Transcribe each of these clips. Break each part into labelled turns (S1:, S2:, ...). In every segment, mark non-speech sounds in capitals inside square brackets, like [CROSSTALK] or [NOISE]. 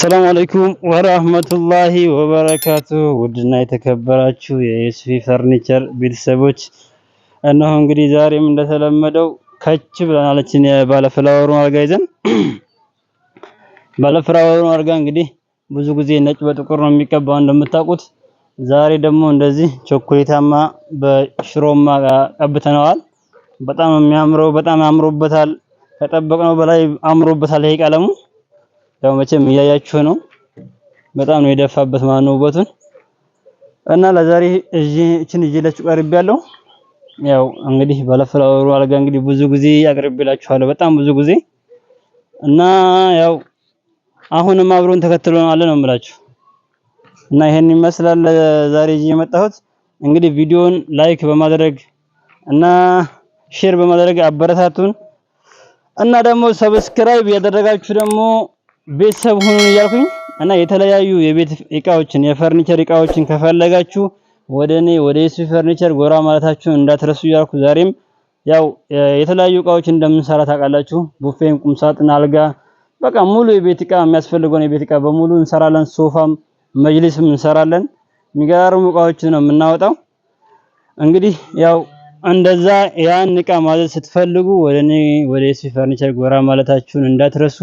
S1: ሰላም አለይኩም ወራህመቱላሂ ወበረካቱ። ውድና የተከበራችሁ የዩስፊ ፈርኒቸር ቤተሰቦች እነሆ እንግዲህ ዛሬም እንደተለመደው ከች ብለናለችን የባለፍላወሩን አልጋ ይዘን ባለፍላወሩን አልጋ እንግዲህ ብዙ ጊዜ ነጭ በጥቁር ነው የሚቀባው እንደምታውቁት። ዛሬ ደግሞ እንደዚህ ቾኮሌታማ በሽሮማ ቀብተነዋል። በጣም የሚያምረው በጣም ያምሮበታል። ከጠበቅነው በላይ አምሮበታል። ይሄ ቀለሙ ያው መቼም እያያችሁ ነው። በጣም ነው የደፋበት ማለት ነው ውበቱን እና ለዛሬ እችን ይዤላችሁ ቀርቤያለሁ። ያው እንግዲህ ባለፍላወሩ አልጋ እንግዲህ ብዙ ጊዜ አቅርቤላችኋለሁ፣ በጣም ብዙ ጊዜ እና ያው አሁንም አብሮን አለ ነው የምላችሁ። እና ይሄን ይመስላል ለዛሬ ይዤ የመጣሁት እንግዲህ ቪዲዮን ላይክ በማድረግ እና ሼር በማድረግ አበረታቱን። እና ደግሞ ሰብስክራይብ ያደረጋችሁ ደግሞ ቤተሰብ ሁኑ እያልኩኝ እና የተለያዩ የቤት እቃዎችን የፈርኒቸር እቃዎችን ከፈለጋችሁ ወደ እኔ ወደ ዩሱፍ ፈርኒቸር ጎራ ማለታችሁን እንዳትረሱ እያልኩ ዛሬም ያው የተለያዩ እቃዎችን እንደምንሰራ ታውቃላችሁ። ቡፌም ቁምሳጥን፣ አልጋ በቃ ሙሉ የቤት እቃ የሚያስፈልገውን የቤት እቃ በሙሉ እንሰራለን። ሶፋም መጅሊስም እንሰራለን። የሚገራርሙ እቃዎችን ነው የምናወጣው። እንግዲህ ያው እንደዛ ያን እቃ ማዘዝ ስትፈልጉ ወደ እኔ ወደ ኤስፒ ፈርኒቸር ጎራ ማለታችሁን እንዳትረሱ።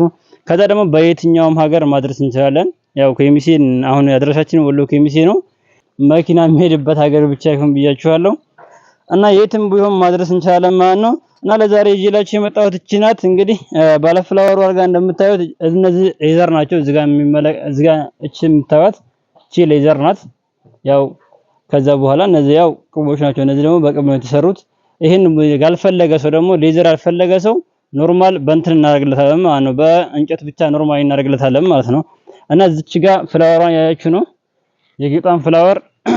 S1: ከዛ ደግሞ በየትኛውም ሀገር ማድረስ እንችላለን። ያው ኬሚሴን አሁን አድራሻችን ወሎ ኬሚሴ ነው። መኪና የሚሄድበት ሀገር ብቻ ይሁን ብያችኋለሁ እና የትም ቢሆን ማድረስ እንችላለን ማለት ነው። እና ለዛሬ ይዤላችሁ የመጣሁት እቺ ናት። እንግዲህ ባለፍላወሩ አርጋ እንደምታዩት እነዚህ ሌዘር ናቸው። እዚህ ጋር እዚህ ጋር እቺ የምታዩት እቺ ሌዘር ናት ያው ከዛ በኋላ እነዚህ ያው ቅቦች ናቸው። እነዚህ ደግሞ በቅብ ነው የተሰሩት። ይህን ያልፈለገ ሰው ደግሞ ሌዘር ያልፈለገ ሰው ኖርማል በእንትን እናደርግለታለን ማለት ነው። በእንጨት ብቻ ኖርማል እናደርግለታለን ማለት ነው። እና እዚች ጋ ፍላወሯን ያያችሁ ነው የጌጧን ፍላወር [CLEARS THROAT]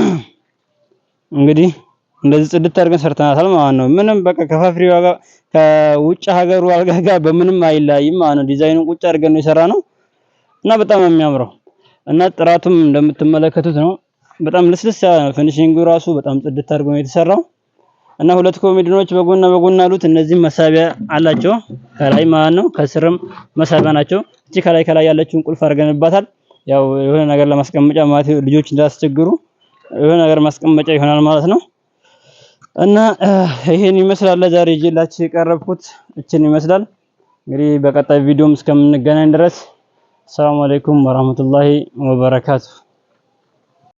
S1: እንግዲህ እንደዚህ ጽድት አድርገን ሰርተናታል ማለት ነው። ምንም በቃ ከፋፍሪ ዋጋ ከውጭ ሀገሩ አልጋ ጋር በምንም አይለያይም ማለት ነው። ዲዛይኑን ቁጭ አድርገን ነው የሰራ ነው እና በጣም የሚያምረው እና ጥራቱም እንደምትመለከቱት ነው። በጣም ልስልስ ያለ ነው። ፊኒሺንጉ ራሱ በጣም ጽድት አድርጎ ነው የተሰራው እና ሁለት ኮሚድኖች በጎና በጎና አሉት። እነዚህም መሳቢያ አላቸው ከላይ ማለት ነው፣ ከስርም መሳቢያ ናቸው። እቺ ከላይ ከላይ ያለችውን ቁልፍ አድርገንባታል። ያው የሆነ ነገር ለማስቀመጫ ማለት ልጆች እንዳያስቸግሩ የሆነ ነገር ማስቀመጫ ይሆናል ማለት ነው። እና ይሄን ይመስላል ለዛሬ ይዤላችሁ የቀረብኩት እችን ይመስላል። እንግዲህ በቀጣይ ቪዲዮም እስከምንገናኝ ድረስ ሰላም አለይኩም ወራህመቱላሂ ወበረካቱ።